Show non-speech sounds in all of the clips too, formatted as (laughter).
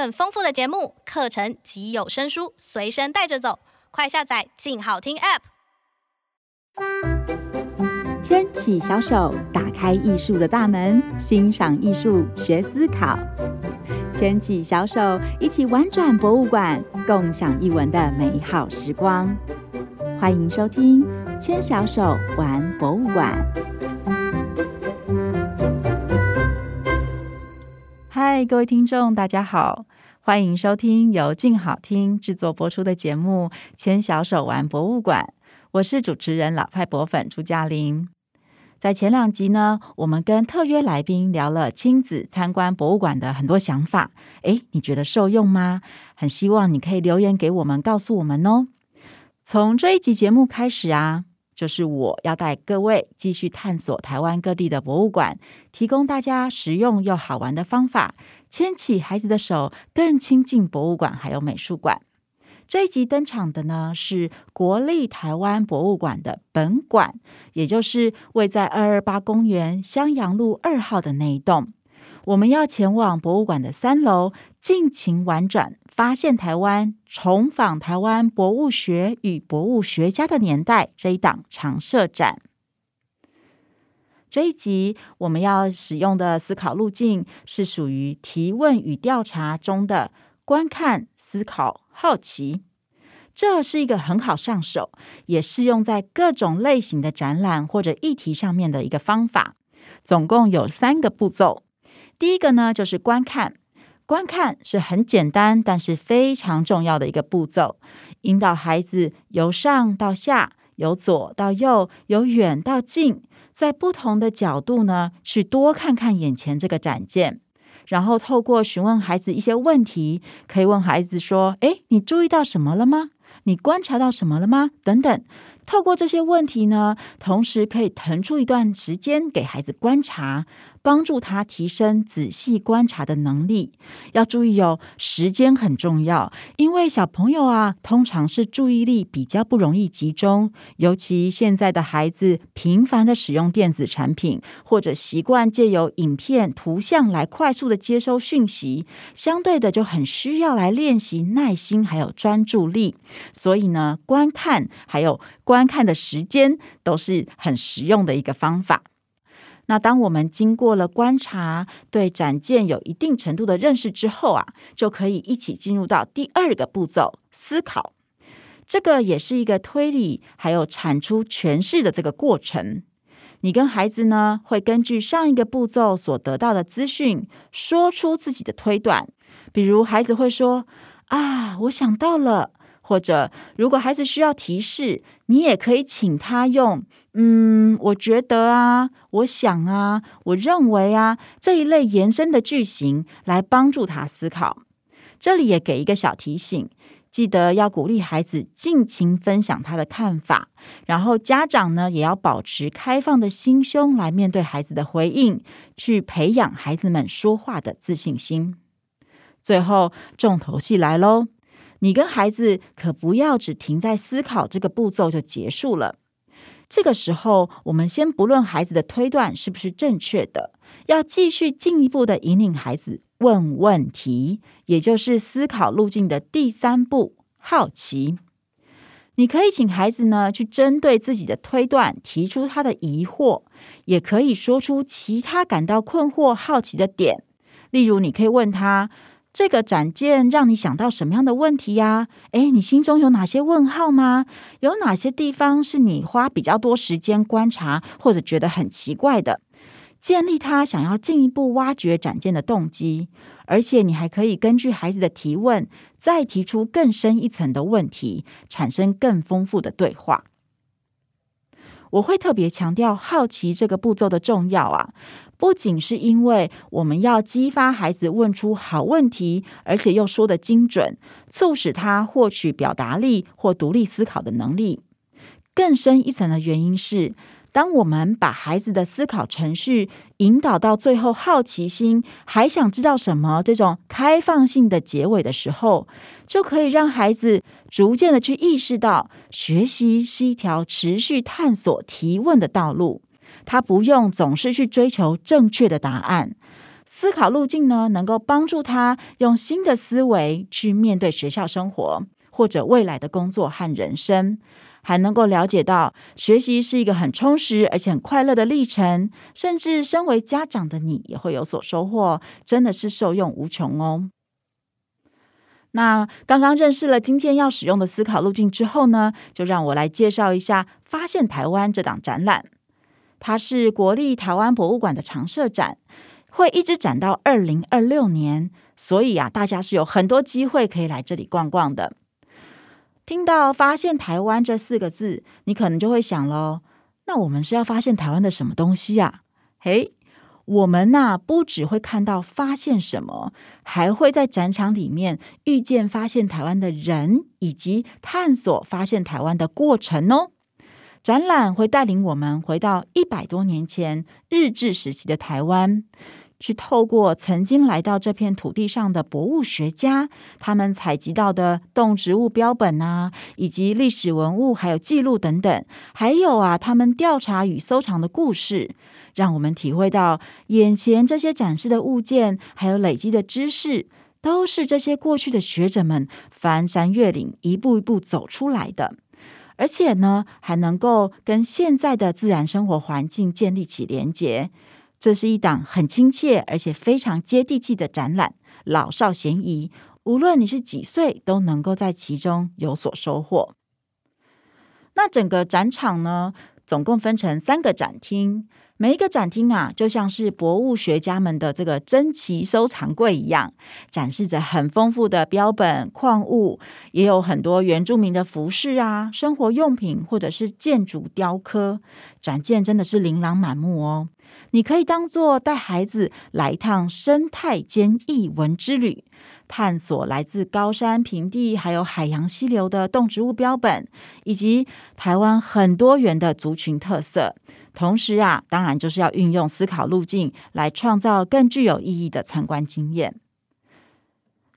很豐富的節目、課程及有聲書隨身帶着走，快下載“鏡好聽 ”App。牽起小手，打開藝術的大門，欣賞藝術，學思考。牽起小手，一起玩轉博物館，共享藝文的美好時光。歡迎收聽《牽小手玩博物館》。嗨，各位聽眾，大家好。歡迎收聽由靜好聽制作播出的節目《牽小手玩博物館》，我是主持人老派博粉朱家琳。在前兩集呢，我們跟特約來賓聊了親子參觀博物館的很多想法。誒，你覺得受用嗎？很希望你可以留言給我們，告訴我們哦。從這一集節目開始啊，就是我要帶各位繼續探索台灣各地的博物館，提供大家實用又好玩的方法。牽起孩子的手，更親近博物館還有美術館。這一集登場的呢，是國立台灣博物館的本館，也就是位在二二八公園襄陽路二號的那一棟。我們要前往博物館的三樓，盡情玩轉，發現台灣，重訪台灣博物學與博物學家的年代，這一檔常設展。這一集我們要使用的思考路徑是屬於提問與調查中的觀看、思考、好奇。這是一個很好上手，也適用在各種類型的展覽或者議題上面的一個方法。總共有三個步驟，第一個呢就是觀看。觀看是很簡單，但是非常重要的一個步驟，引導孩子由上到下，由左到右，由遠到近，在不同的角度呢，去多看看眼前這個展件。然後透過詢問孩子一些問題，可以問孩子說：“誒，你注意到什麼了嗎？你觀察到什麼了嗎？”等等。透過這些問題呢，同時可以騰出一段時間給孩子觀察。幫助他提升仔細觀察的能力。要注意哦，時間很重要，因為小朋友啊，通常是注意力比較不容易集中。尤其現在的孩子頻繁的使用電子產品，或者習慣借由影片、圖像來快速的接收訊息，相對的就很需要來練習耐心還有專注力。所以呢，觀看還有觀看的時間都是很實用的一個方法。那當我們經過了觀察，對展件有一定程度的認識之後啊，就可以一起進入到第二個步驟思考。這個也是一個推理，還有產出詮釋的這個過程。你跟孩子呢，會根據上一個步驟所得到的資訊，說出自己的推斷。比如孩子會說：“啊，我想到了。”或者，如果孩子需要提示，你也可以請他用“嗯，我覺得啊，我想啊，我認為啊”這一類延伸的句型來幫助他思考。這裡也給一個小提醒：記得要鼓勵孩子盡情分享他的看法，然後家長呢也要保持開放的心胸來面對孩子的回應，去培養孩子們說話的自信心。最後，重頭戲來嘍。你跟孩子可不要只停在思考這個步驟就結束了。這個時候，我們先不論孩子的推斷是不是正確的，要繼續進一步的引領孩子問問題，也就是思考路徑的第三步——好奇。你可以請孩子呢去針對自己的推斷提出他的疑惑，也可以說出其他感到困惑、好奇的點。例如，你可以問他，這個展件讓你想到什麼樣的問題呀？誒，你心中有哪些問號嗎？有哪些地方是你花比較多時間觀察或者覺得很奇怪的？建立他想要進一步挖掘展件的動機，而且你還可以根據孩子的提問，再提出更深一層的問題，產生更豐富的對話。我會特別強調好奇這個步驟的重要啊，不僅是因為我們要激發孩子問出好問題，而且又說得精準，促使他獲取表達力或獨立思考的能力。更深一層的原因是。當我們把孩子的思考程序引導到最後，好奇心還想知道什麼？這種開放性的結尾的時候，就可以讓孩子逐漸地去意識到，學習是一條持續探索、提問的道路。他不用總是去追求正確的答案。思考路徑呢，能夠幫助他用新的思維去面對學校生活，或者未來的工作和人生。還能夠了解到，學習是一個很充實而且很快樂的歷程，甚至身為家長的你也會有所收穫，真的是受用無窮哦。那剛剛認識了今天要使用的思考路徑之後呢，就讓我來介紹一下《發現台灣》這檔展覽。它是國立台灣博物館的常設展，會一直展到二零二六年，所以啊，大家是有很多機會可以來這裡逛逛的。聽到“發現台灣”這四個字，你可能就會想嘍：那我們是要發現台灣的什麼東西呀？嘿，我們呢不只會看到發現什麼，還會在展場裡面遇見發現台灣的人，以及探索發現台灣的過程哦。展覽會帶領我們回到一百多年前日治時期的台灣。去透過曾經來到這片土地上的博物學家，他們採集到的動植物標本啊，以及歷史文物、還有記錄等等，還有啊，他們調查與收藏的故事，讓我們體會到眼前這些展示的物件，還有累積的知識，都是這些過去的學者們翻山越嶺，一步一步走出來的。而且呢，還能夠跟現在的自然生活環境建立起連結。這是一檔很親切而且非常接地氣的展覽，老少咸宜，無論你是幾歲，都能夠在其中有所收穫。那整個展場呢，總共分成三個展廳。每一個展廳啊，就像是博物學家們的這個珍奇收藏櫃一樣，展示着很豐富的標本、礦物，也有很多原住民的服飾啊、生活用品或者是建築雕刻展件，真的是琳琅滿目哦。你可以當作帶孩子來一趟生態兼藝文之旅，探索來自高山、平地還有海洋、溪流的動植物標本，以及台灣很多元的族群特色。同時啊，當然就是要運用思考路徑來創造更具有意義的參觀經驗。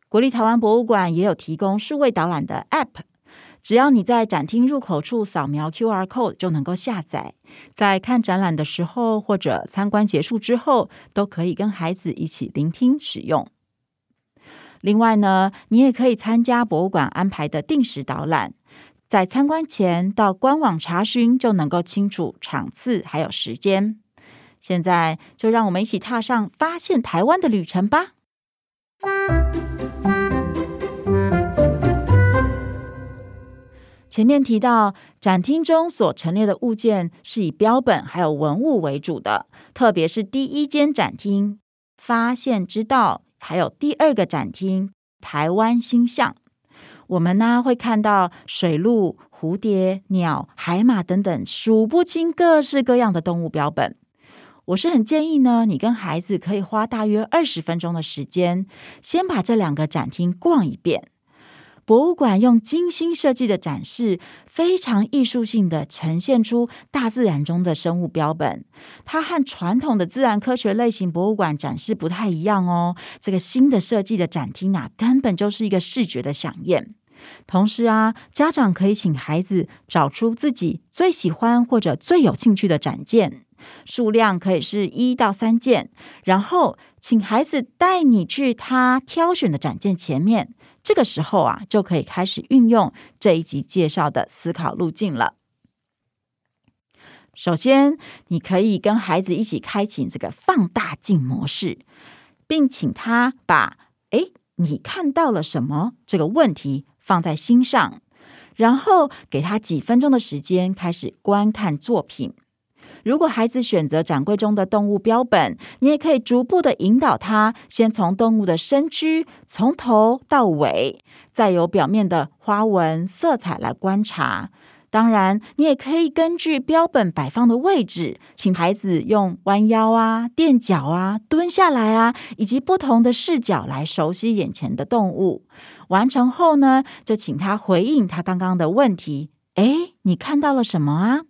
國立台灣博物館也有提供數位導覽的 App，只要你在展廳入口處掃描 QR code 就能夠下載。在看展覽的時候或者參觀結束之後，都可以跟孩子一起聆聽使用。另外呢，你也可以參加博物館安排的定時導覽。在參觀前到官網查詢，就能夠清楚場次還有時間。現在就讓我們一起踏上發現台灣的旅程吧。前面提到，展廳中所陳列的物件是以標本還有文物為主的，特別是第一間展廳“發現之道”，還有第二個展廳“台灣新象”。我們呢、啊、會看到水鹿、蝴蝶、鳥、海馬等等數不清各式各樣的動物標本。我是很建議呢，你跟孩子可以花大約二十分鐘的時間，先把這兩個展廳逛一遍。博物館用精心設計的展示，非常藝術性的呈現出大自然中的生物標本。它和傳統的自然科學類型博物館展示不太一樣哦。這個新的設計的展廳啊，根本就是一個視覺的饗宴。同時啊，家長可以請孩子找出自己最喜歡或者最有興趣的展件，數量可以是一到三件，然後請孩子帶你去他挑選的展件前面。這個時候啊，就可以開始運用這一集介紹的思考路徑了。首先，你可以跟孩子一起開啟這個放大鏡模式，並請他把“誒，你看到了什麼？”這個問題放在心上，然後給他幾分鐘的時間開始觀看作品。如果孩子選擇展櫃中的動物標本，你也可以逐步的引導他，先從動物的身軀從頭到尾，再由表面的花紋、色彩來觀察。當然，你也可以根據標本擺放的位置，請孩子用彎腰啊、墊腳啊、蹲下來啊，以及不同的視角來熟悉眼前的動物。完成後呢，就請他回應他剛剛的問題。哎，你看到了什麼啊？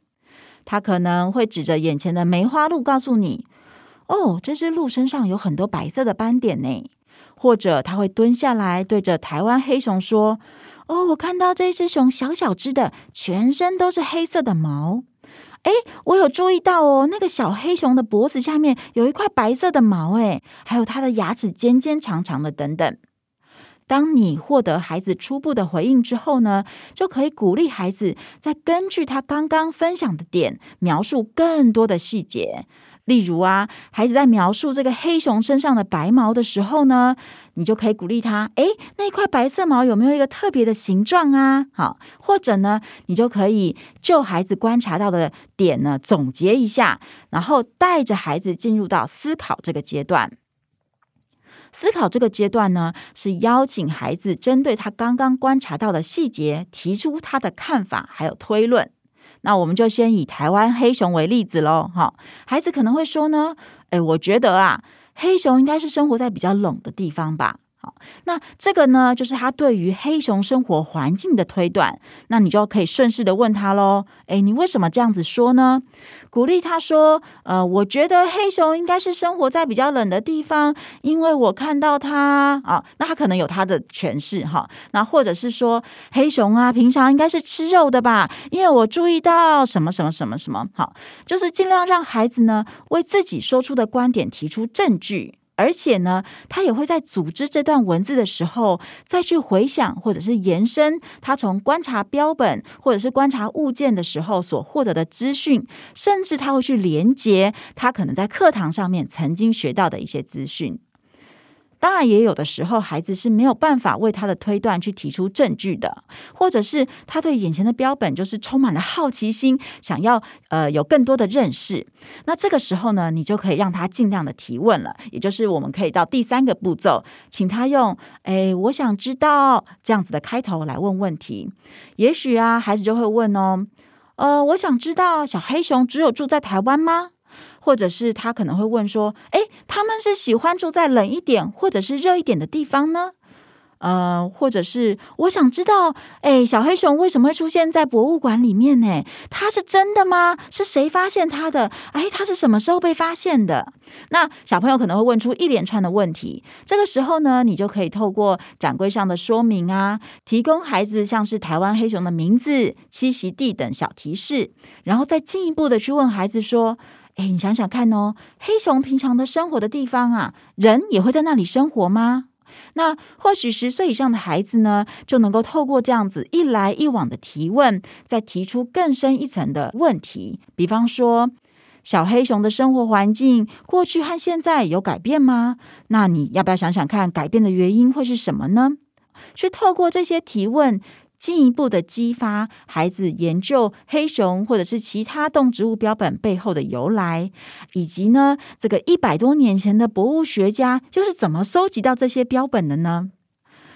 他可能會指着眼前的梅花鹿告訴你：“哦，這隻鹿身上有很多白色的斑點呢。”或者他會蹲下來對着台灣黑熊說：“哦，我看到這隻熊小小隻的，全身都是黑色的毛。哎，我有注意到哦，那個小黑熊的脖子下面有一塊白色的毛。哎，還有它的牙齒尖尖長長長的，等等。”當你獲得孩子初步的回應之後呢，就可以鼓勵孩子再根據他剛剛分享的點描述更多的細節。例如啊，孩子在描述這個黑熊身上的白毛的時候呢，你就可以鼓勵他，誒，那一塊白色毛有沒有一個特別的形狀啊？好，或者呢，你就可以就孩子觀察到的點呢總結一下，然後帶着孩子進入到思考這個階段。思考這個階段呢，是邀請孩子針對他剛剛觀察到的細節，提出他的看法，還有推論。那我們就先以台灣黑熊為例子嘍，哈，孩子可能會說呢，誒，我覺得啊，黑熊應該是生活在比較冷的地方吧。那這個呢，就是他對於黑熊生活環境的推斷。那你就可以順勢的問他嘍。哎，你為什麼這樣子說呢？鼓勵他說：呃，我覺得黑熊應該是生活在比較冷的地方，因為我看到它啊。那他可能有他的詮釋哈，啊。那或者是說，黑熊啊，平常應該是吃肉的吧，因為我注意到什麼什麼什麼什麼。好，就是盡量讓孩子呢，為自己說出的觀點提出證據。而且呢，他也會在組織這段文字的時候，再去回想或者是延伸他從觀察標本或者是觀察物件的時候所獲得的資訊，甚至他會去連接他可能在課堂上面曾經學到的一些資訊。當然，也有的時候，孩子是沒有辦法為他的推斷去提出證據的，或者是他對眼前的標本就是充滿了好奇心，想要呃有更多的認識。那這個時候呢，你就可以讓他盡量的提問了，也就是我們可以到第三個步驟，請他用“誒，我想知道”這樣子的開頭來問問題。也許啊，孩子就會問哦，呃，我想知道小黑熊只有住在台灣嗎？或者是他可能會問說：“哎，他們是喜歡住在冷一點，或者是熱一點的地方呢？呃，或者是我想知道，哎，小黑熊為什麼會出現在博物館裡面呢？它是真的嗎？是誰發現它的？哎，它是什麼時候被發現的？”那小朋友可能會問出一連串的問題。這個時候呢，你就可以透過展櫃上的說明啊，提供孩子像是台灣黑熊的名字、棲息地等小提示，然後再進一步的去問孩子說，哎，你想想看哦，黑熊平常的生活的地方啊，人也會在那裡生活嗎？那或許十歲以上的孩子呢，就能夠透過這樣子一來一往的提問，再提出更深一層的問題。比方說，小黑熊的生活環境過去和現在有改變嗎？那你要不要想想看，改變的原因會是什麼呢？去透過這些提問。進一步的激發孩子研究黑熊或者是其他動植物標本背後的由來，以及呢，這個一百多年前的博物學家就是怎麼收集到這些標本的呢？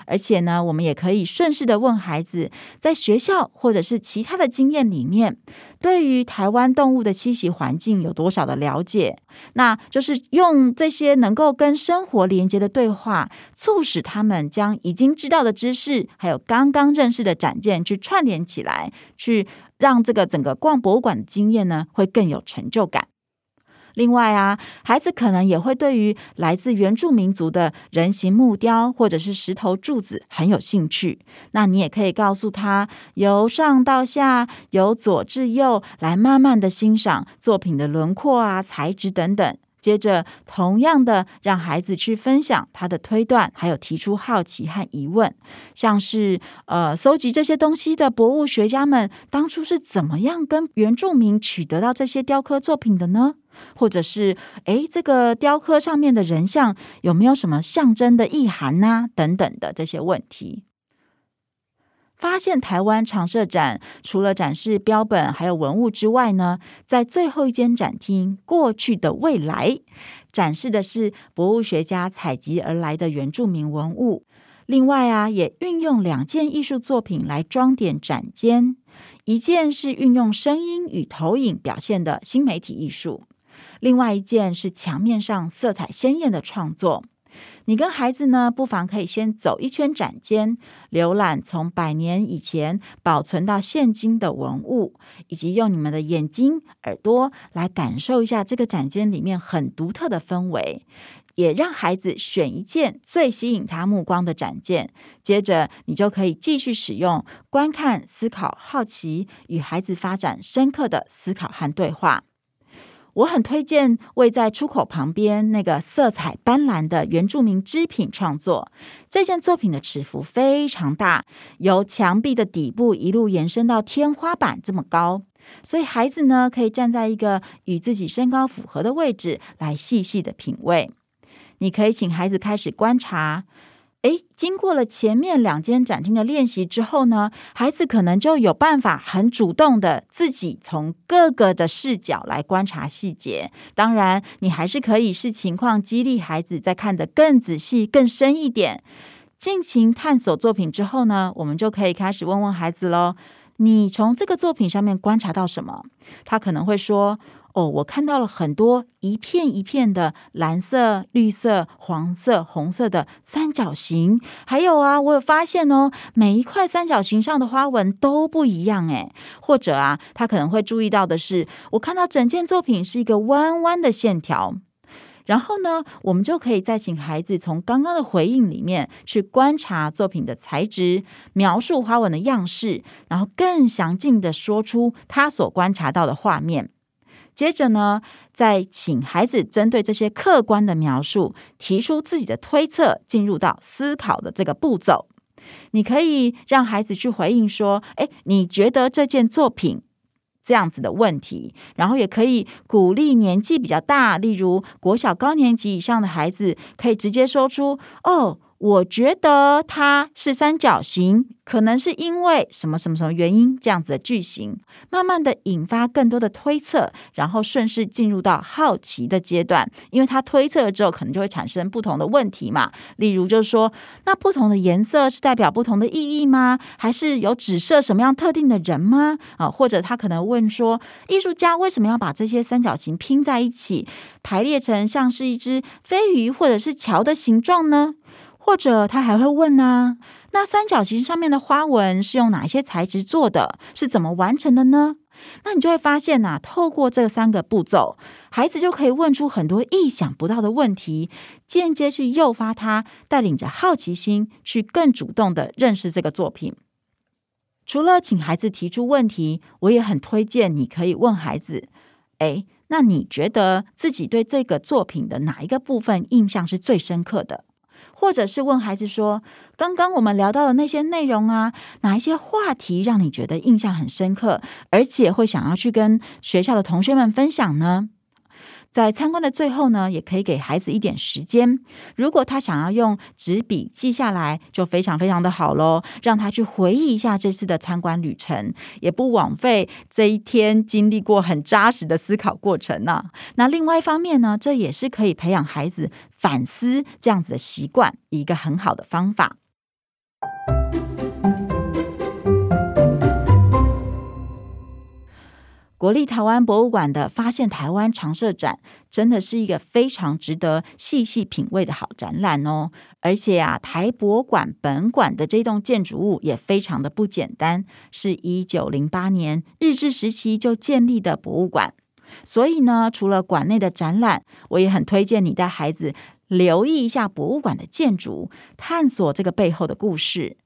而且呢，我們也可以順勢的問孩子，在學校或者是其他的經驗裡面，對於台灣動物的棲息環境有多少的了解？那就是用這些能夠跟生活連接的對話，促使他們將已經知道的知識，還有剛剛認識的展件去串聯起來，去讓這個整個逛博物館的經驗呢，會更有成就感。另外啊，孩子可能也會對於來自原住民族的人形木雕或者是石頭柱子很有興趣。那你也可以告訴他，由上到下，由左至右來慢慢的欣賞作品的輪廓啊、材質等等。接着，同樣的讓孩子去分享他的推斷，還有提出好奇和疑問，像是呃，蒐集這些東西的博物學家們當初是怎麼樣跟原住民取得到這些雕刻作品的呢？或者是誒，這個雕刻上面的人像有沒有什麼象徵的意涵吶、啊？等等的這些問題。發現台灣常設展除了展示標本還有文物之外呢，在最後一間展廳“過去的未來”展示的是博物學家採集而來的原住民文物。另外啊，也運用兩件藝術作品來裝點展間，一件是運用聲音與投影表現的新媒體藝術。另外一件是牆面上色彩鮮豔的創作。你跟孩子呢，不妨可以先走一圈展間，瀏覽從百年以前保存到現今的文物，以及用你們的眼睛、耳朵來感受一下這個展間裡面很獨特的氛圍。也讓孩子選一件最吸引他目光的展件，接着你就可以繼續使用觀看、思考、好奇，與孩子發展深刻的思考和對話。我很推薦位在出口旁邊那個色彩斑斕的原住民織品創作。這件作品的尺幅非常大，由牆壁的底部一路延伸到天花板這麼高，所以孩子呢，可以站在一個與自己身高符合的位置來細細的品味。你可以請孩子開始觀察。誒，經過了前面兩間展廳的練習之後呢，孩子可能就有辦法很主動的自己從各個的視角來觀察細節。當然，你還是可以視情況激勵孩子再看得更仔細、更深一點。盡情探索作品之後呢，我們就可以開始問問孩子嘍：你從這個作品上面觀察到什麼？他可能會說。哦，我看到了很多一片一片的藍色、綠色、黃色、紅色的三角形。還有啊，我有發現哦，每一塊三角形上的花紋都不一樣哎。或者啊，他可能會注意到的是，我看到整件作品是一個彎彎的線條。然後呢，我們就可以再請孩子從剛剛的回應裡面去觀察作品的材質、描述花紋的樣式，然後更詳盡的說出他所觀察到的畫面。接着呢，再請孩子針對這些客觀的描述提出自己的推測，進入到思考的這個步驟。你可以讓孩子去回應說：“哎，你覺得這件作品這樣子的問題？”然後也可以鼓勵年紀比較大，例如國小高年級以上的孩子，可以直接說出：“哦。”我覺得它是三角形，可能是因為什麼什麼什麼原因這樣子的句型，慢慢的引發更多的推測，然後順勢進入到好奇的階段。因為他推測了之後，可能就會產生不同的問題嘛。例如，就是說，那不同的顏色是代表不同的意義嗎？還是有指涉什麼樣特定的人嗎？啊，或者他可能問說，藝術家為什麼要把這些三角形拼在一起，排列成像是一隻飛魚或者是橋的形狀呢？或者他還會問呢、啊，那三角形上面的花紋是用哪些材質做的？是怎麼完成的呢？那你就會發現吶、啊，透過這三個步驟，孩子就可以問出很多意想不到的問題，間接去誘發他帶領着好奇心去更主動的認識這個作品。除了請孩子提出問題，我也很推薦你可以問孩子：誒，那你覺得自己對這個作品的哪一個部分印象是最深刻的？或者是問孩子說：“剛剛我們聊到的那些內容啊，哪一些話題讓你覺得印象很深刻，而且會想要去跟學校的同學們分享呢？”在參觀的最後呢，也可以給孩子一點時間，如果他想要用紙筆記下來，就非常非常的好嘍。讓他去回憶一下這次的參觀旅程，也不枉費這一天經歷過很扎實的思考過程呢、啊。那另外一方面呢，這也是可以培養孩子反思這樣子的習慣，一個很好的方法。國立台灣博物館的“發現台灣”常設展，真的是一個非常值得細細品味的好展覽哦！而且啊，台博館本館的這棟建築物也非常的不簡單，是一九零八年日治時期就建立的博物館。所以呢，除了館內的展覽，我也很推薦你帶孩子留意一下博物館的建築，探索這個背後的故事。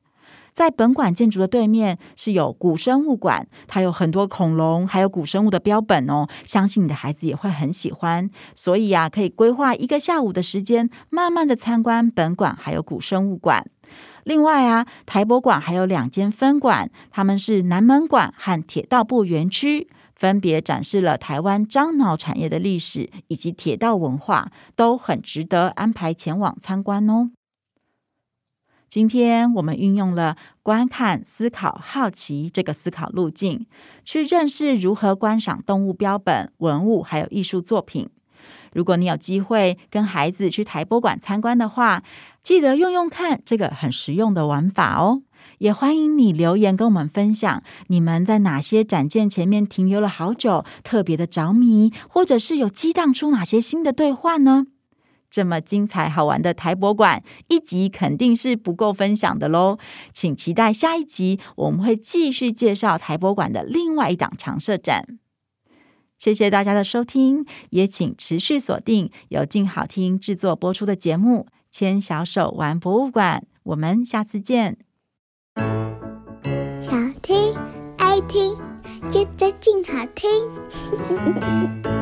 在本館建築的對面是有古生物館，它有很多恐龍，還有古生物的標本哦。相信你的孩子也會很喜歡，所以啊，可以規劃一個下午的時間，慢慢的參觀本館還有古生物館。另外啊，台博館還有兩間分館，它們是南門館和鐵道部園區，分別展示了台灣樟腦產業的歷史以及鐵道文化，都很值得安排前往參觀哦。今天我們運用了“觀看、思考、好奇”這個思考路徑，去認識如何觀賞動物標本、文物還有藝術作品。如果你有機會跟孩子去台博館參觀的話，記得用用看這個很實用的玩法哦。也歡迎你留言跟我們分享，你們在哪些展件前面停留了好久，特別的着迷，或者是有激盪出哪些新的對話呢？這麼精彩好玩的台博館一集肯定是不夠分享的嘍，請期待下一集，我們會繼續介紹台博館的另外一檔常設展。謝謝大家的收聽，也請持續鎖定由靜好聽制作播出的節目《牽小手玩博物館》，我們下次見。想聽愛聽接着靜好聽。 (laughs)